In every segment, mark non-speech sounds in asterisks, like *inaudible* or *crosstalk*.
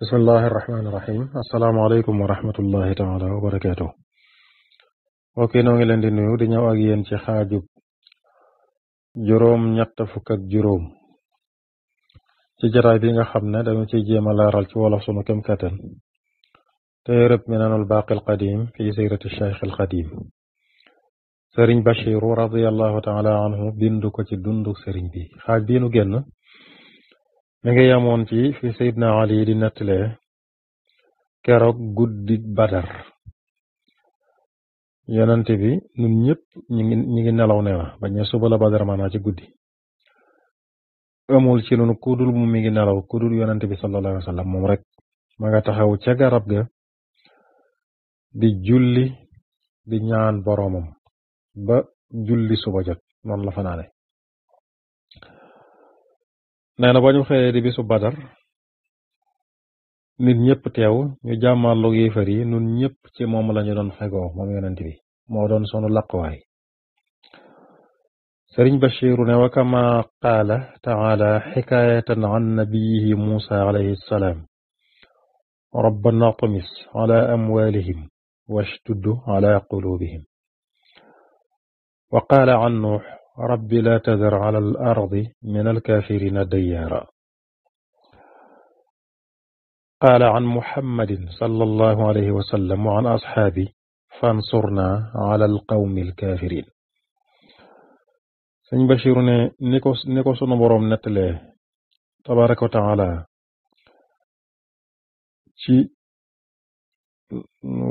bismillahi irrahmani irrahim asalaamaaleykum wa rahmatullahi taala wa barakaatu mbokk yi noo ngi leen di nuyu di ñëw ak yéen ci xaajub juróom ñett fukk juróom ci jataay bi nga xam ne dañu ciy jéem a laaral ci wolof sunu kem kattan téereb minanul baaqil qadim fi siirati cheikh al qadim sëriñ Bachiru radiallahu taala ko ci dundu sëriñ bi xaaj bii nu génn mi ngi yamoon ci fi Seydina Ali di nettalee keroog guddi badar yonante bi ñun ñëpp ñu ngi ñu ngi nelaw ne la bañ a suba la badar maanaa ci guddi amul ci noonu kudul mu mi ngi nelaw kudul yonante bi sallallahu alayhi moom rek ma nga taxaw ca garab ga di julli di ñaan boroomam ba julli suba jot noonu la fanaane nee na ba ñu xëyee di bisu badar nit ñëpp teew ñu jàmmaarloog yéefar yi nun ñëpp ci moom lañu ñu doon xegoo moom yonent bi moo doon sunu laqwaay ba Bachiru ne wa kama qaala taala xikaayatan an nabiyihi muusa rabbana tamis ala amwalihim washtuddu ala qulubihim wa qaala an nuux rabbi laa tadar ala al ardi min alkaafirina dayyaara qaala an muhammadin sallallahu alayhi wa sallam wa an asxaabi fansurnaa ala alqawmi alkaafirin sëñ Bachir ne ni ko ni ko sunu boroom nettalee tabaraka wa taala ci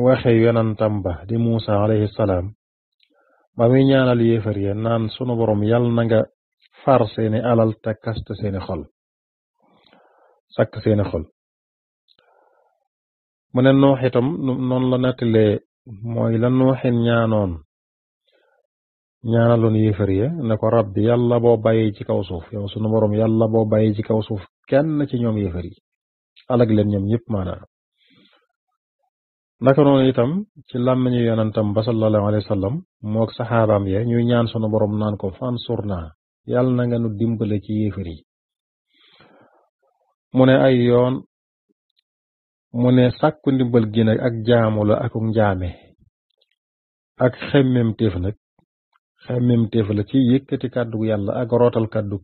waxe yonantam ba di Muusa alayhi salaam ba muy ñaanal yéefar ya naan sunu boroom yal na nga far seeni alal te kast seeni xol sakk seeni xol mu ne noox itam noonu la nettalee mooy la nooxin ñaanoon ñaanaloon yéefar ya ne ko rabbi yàlla boo bàyyi ci kaw suuf yow sunu borom yàlla boo bàyyi ci kaw suuf kenn ci ñoom yéefar yi alag leen ñoom ñëpp maanaam naka noonu itam ci làmmiñu yonentam ba sallallahu alayhi wa sallam moog saxaabaam ñuy ñaan sunu borom naan ko fansurna yàlla na nga nu dimbale ci yéefar yi mu ne ay yoon mu ne sàkku ndimbal gi nag ak jaamu la akuk njaame ak xemmem téef nag xemmem téef la ci yëkkati kàddu yàlla ak rootal kàddu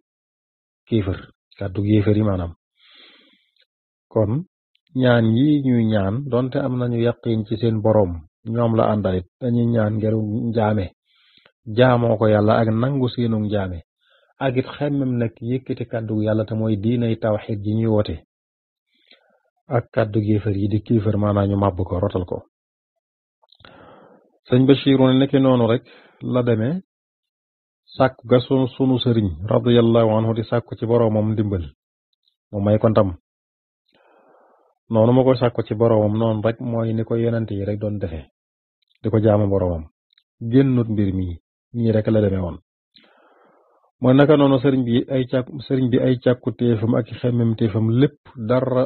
kéefër kàddu yéefar yi maanaam kon ñaan yi ñuy ñaan donte am na nañu yaqiin ci seen boroom ñoom la àndalit dañuy ñaan ngeru njaame jaamoo ko yàlla ak nangu seenu njaame ak it xemmem nag yëkkati kàddu yàlla te mooy diinay tawxid yi ñuy woote ak kàddu géefar yi di kiifar maanaa ñu màbb ko rotal ko sëñ Bachiru ne nekk noonu rek la demee sàkku ga sunu sunu sëriñ radiyallahu anhu di ci boromam ndimbal mu may ko ndam noonu ma koy sàkko ci boroomam noonu rek mooy ni koy yonent yi rek doon defee di ko jaamu boroomam génnut mbir mi nii rek la demee woon. mooy naka noonu sëriñ bi ay càkk sëriñ bi ay càkku téefam ak xemmem téefam lépp dara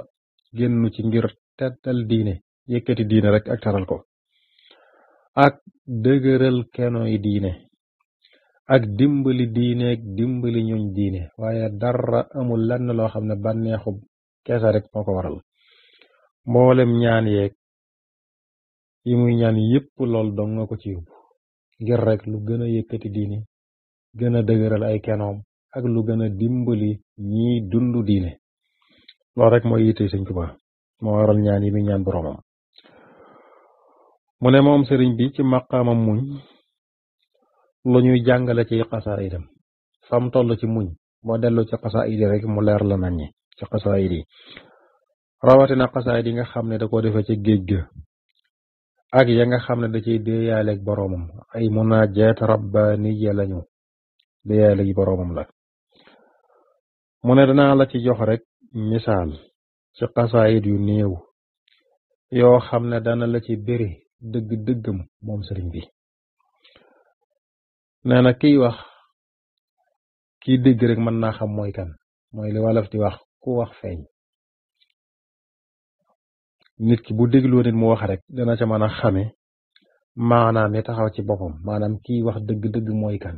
génnu ci ngir tettal diine yëkkati diine rek ak taral ko. ak dëgëral kenooy diine. ak dimbali diineeg dimbali ñuñ diine waaye dara amul lenn loo xam ne bànneexu keesa rek moo ko waral mboolem ñaan yeeg yi muy ñaan yépp lool dong nga ko ci yóbbu ngir rek lu gën a yëkkati diine gën a dëgëral ay kenoom ak lu gën a dimbali ñi dund diine loolu rek mooy yitte sëñ Tuubaa moo waral ñaan yi ñaan boroomam mu ne moom sëriñ bi ci maqamam muñ lu ñuy jàngale ci xasaayidam fam toll ci muñ boo dellu ci xasaayidi rek mu leer la nañ ñi ci xasaayidi rawatina xasaay yi nga xam ne da koo defee ci géej ga ak ya nga xam ne da ciy déeyaaleeg boroomam ay munaajaat rabbaaniya lañu déeyaaleeg boroomam la mu ne danaa la ci jox rek misaal ci xasaayit yu néew yoo xam ne dana la ci bëri dëgg dëggam moom sëriñ bi nee kiy wax kiy dégg rek mën naa xam mooy kan mooy li wolof di wax ku wax feeñ nit ki bu dégloo nit mu wax rek dana ca mën a xame maanaam ya taxaw ci boppam maanaam kiy wax dëgg-dëgg mooy kan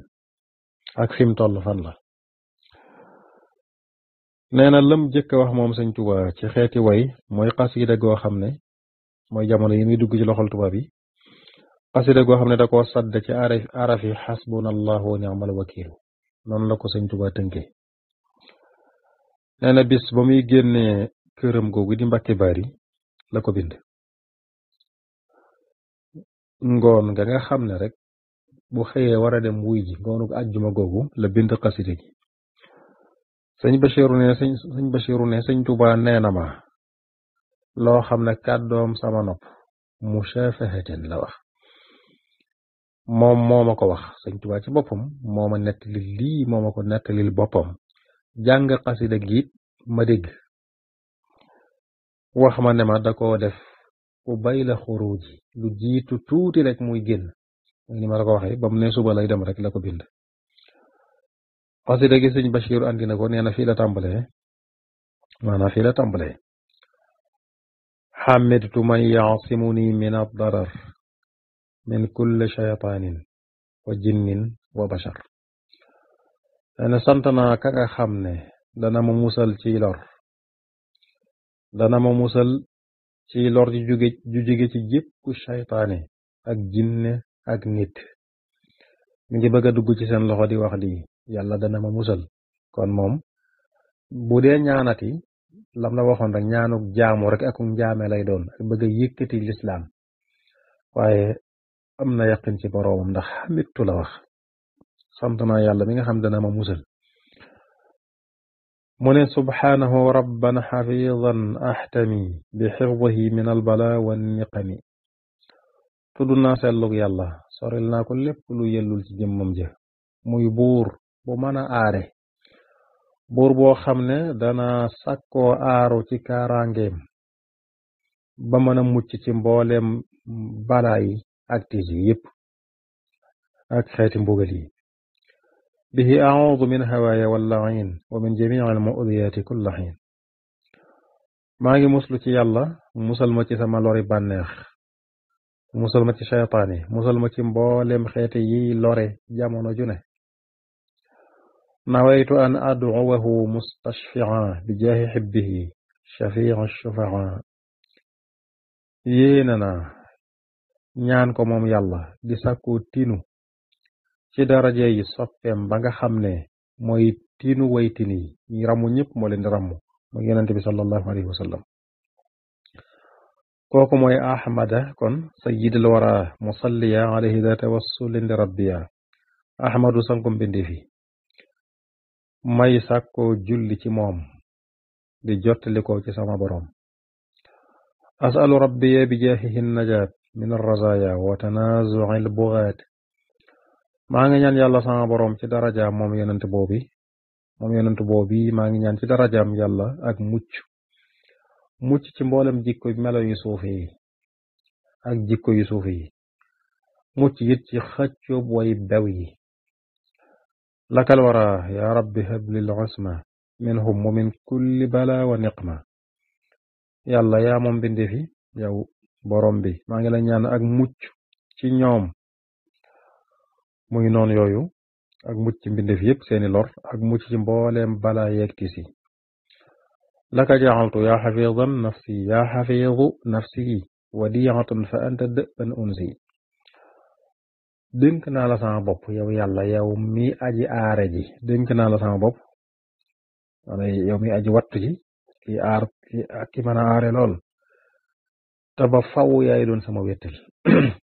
ak fi mu toll fan la nee na lam jëkk wax moom sëñ Tuubaa ci xeeti woy mooy xasida goo xam ne mooy jamono yi muy dugg ci loxol tubaab yi xasida goo xam ne da ko sadd ci araf araf yi xasbunallahu wa ni'mal wakiil noonu la ko sëñ Tuubaa tënke nee bis ba muy génnee këram googu di Mbàkke Baari la ko bind ngoon nga nga xam ne rek bu xëyee war a dem wuy ji ngoonu àjjuma googu la bind xasida gi sëñ Bachiru ne sëñ sëñ Bachiru ne sëñ nee na ma loo xam ne kàddoom sama nopp mu shafahatan la wax moom moo ko wax sëñ Tuubaa ci boppam moo ma nettali lii moo ko nettalil boppam jàng xasida gi ma dégg wax ma ne ma da def ku bay la xuruuji lu jiitu tuuti rek muy génn ma la ko waxee ba mu ne suba lay dem rek la ko bind xasida gi sëñ Bachir andi ko nee na fii la tàmbalee maanaam fii la tàmbalee xamidtu man yaasimuni min addarar min kulli shaytaanin wa jinnin wa bashar nee na ka nga xam ne dana ma musal ci lor dana ma musal ci lor ju jóge ju jóge ci jëppu saytaane ak jinne ak nit mu ngi bëgg a dugg ci seen loxo di wax di yàlla dana ma musal kon moom bu dee ñaanati lam la waxoon rek ñaanuk jaamu rek ak njaame lay doon ak bëgg a yëkkati lislaam waaye am na yaqin ci boroomam ndax xamittu la wax sant naa yàlla mi nga xam dana ma musal mu ne subhaanahu rabban xafidan ahtami bi xifdihi min albala wa niqami tudd naa sellug yàlla soril naa ko lépp lu yellul ci jëmmam ji muy buur bu mën a aare buur boo xam ne dana sakkoo aaro ci kaaraangeem ba mën a mucc ci mboolem balaa yi ak tiis yi yépp ak xeeti mbugal yi به أعوذ من هواي واللعين ومن جميع المؤذيات كل حين maa ngi muslu ci yàlla musal ma ci sama lori bànneex musal ma ci cheytaan yi musal ma ci mboolem xeete yi lore jamono ju ne nawaytu an aduwahu mustashfian bi jaahi xibbihi shafiu shufaa ñaan ko moom yàlla di sàkku tinu ci daraja yi soppeem ba nga xam ne mooy tiinu waytin yi ñi ramu ñëpp moo leen di ramu mooy yonente bi sallallahu alayhi wa kooku mooy ahmada kon sayidal wara musalliya alayhi da tawassulin li rabbiya ahmadu sanku mbindi fi may sàkkoo julli ci moom di jottali ko ci sama boroom asalu rabbiya bi jaahihi najaat min arrazaya wa tanaazuci albugaat maa ngi ñaan yàlla sama boroom ci darajaam moom yonent boobi moom yonent boobi maa ngi ñaan ci darajaam yàlla ak mucc mucc ci mboolem jikko melo yu suufe yi ak jikko yu suufe yi mucc it ci xëccoob way bew yi lakal wara yaa rabbi hablil usma minhum wa min kulli bala wa niqma yàlla yaa moom bindi fi yow bi maa ngi la ñaan ak mucc ci ñoom mu ngi noonu yooyu ak mucc mbindeef yépp seeni lor ak mucc ci mbooleem balaa yeeg tiis yi laka jaxaltu yaa xafidan nafsi yaa xafidu nafsi wadiyatan fa anta dëban unsi dénk naa la sama bopp yow yàlla yow mi aji aare ji dénk naa la sama bopp maanaam yow mi aji wattu ji ki aar ki a aare lool te ba faw yaay doon sama wéttal *clears throat*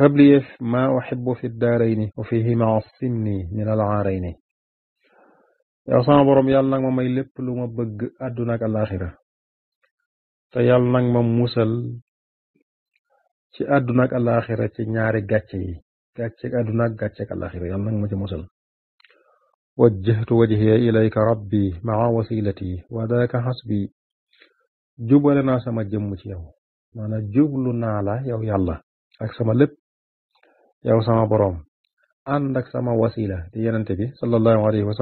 هب ما أحب في الدارين وفيه مع السن من العارين yow sama borom yàlla nag ma may lépp lu ma bëgg àdduna ak alaxira te yàlla nag ma musal ci àdduna ak ci ñaari gàcce yi gàcce ak àdduna ak gàcce ak alaxira yàlla ma ci musal wajjahtu wajhiya ilayka rabbi maa wasilati wa dalaka xasbi jubale naa sama jëmm ci yow maanaam jublu naa la yow yàlla ak sama lépp yow sama boroom ànd ak sama wasila di yenente bi sallallahu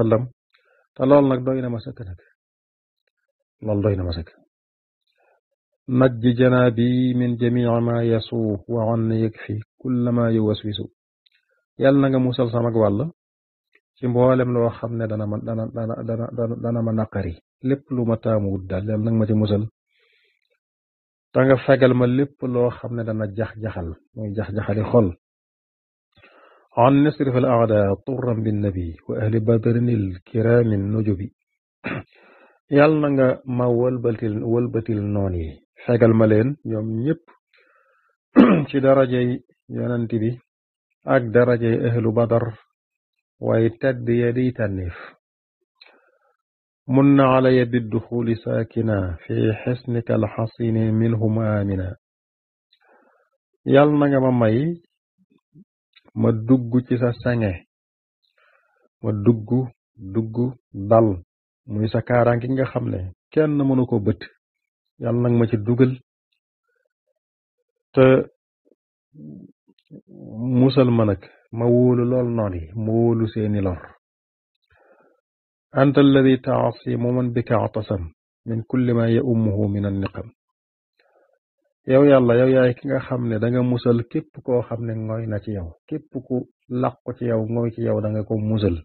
lool nag doy na ma sëkk nag loolu doy na ma sëkk najji janaabi min jamii ma yasuuf wa anni yakfi kulla ma yuwaswisu yàlla na nga musal sama wàll ci mboolem loo xam ne dana ma dana dana dana dana ma naqari lépp lu ma taamuwut daal yàlla nag ma ci musal te fegal ma lépp loo xam ne dana jax-jaxal muy jax-jaxali xol أن نصرف الأعداء طرا بالنبي وأهل بدر الكرام النجب yàlla na nga ma wëlbatil wëlbatil noon yi fegal ma leen ñoom ñëpp ci darajey yonent bi ak darajey ahlu badar waaye tedd ya di tànneef mun na alaya bidduxuli saakina fi xisnika alxasini minhum amina yàlla na nga ma may ma dugg ci sa sange ma dugg dugg dal muy sa kaaraange nga xam ne kenn mënu ko bët yàlla nag ma ci dugal te musal ma nag ma wóolu lool noon yi ma wóolu seeni lor anta alladi taasi muman bika atasam min kulli ma ya ummuhu min an niqam yow yàlla yow yaay ki nga xam ne da musal képp koo xam ne ngoy na ci yow képp ku làqu ci yow ngoy ci yow da nga ko musal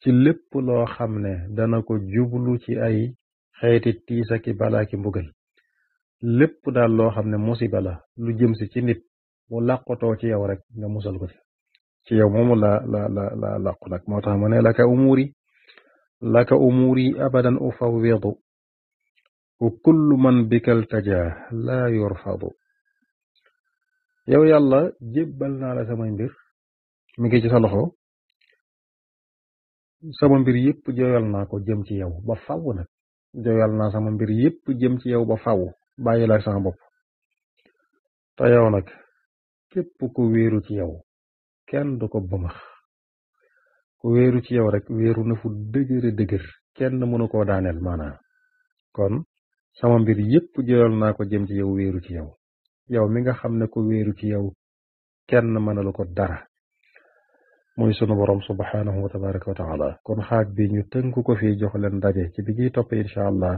ci lépp loo xam ne dana ko jublu ci ay xeeti tiisa ki balaa ki mbugal lépp daal loo xam ne musiba la lu jëm si ci nit mu làqutoo ci yow rek nga musal ko ci ci yow moomu la la la la làqu nag moo tax mu ne laka umuri laka umuri abadan ufawwidu وكل من بك التجاه لا يرفض yow yàlla jébbal naa la samay mbir mi ngi ci sa loxo sama mbir yépp jooyal naa ko jëm ci yow ba faw nag jooyal naa sama mbir yépp jëm ci yow ba faw bàyyi la sama bopp te yow nag képp ku wéeru ci yow kenn du ko bëmax ku wéeru ci yow rek wéeru na fu dëgëre dëgër kenn mënu koo daaneel maanaam kon sama mbir yépp jëlal naa ko jëm ci yow wéeru ci yow yow mi nga xam ne ko wéeru ci yow kenn mënalu ko dara muy sunu borom subhanahu wa tabaraka wa taala kon xaaj bi ñu tënk ko fii jox leen daje ci bi ciy topp incha allah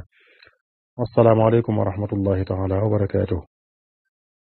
wassalaamu aleykum wa rahmatullahi taala wa barakaatuh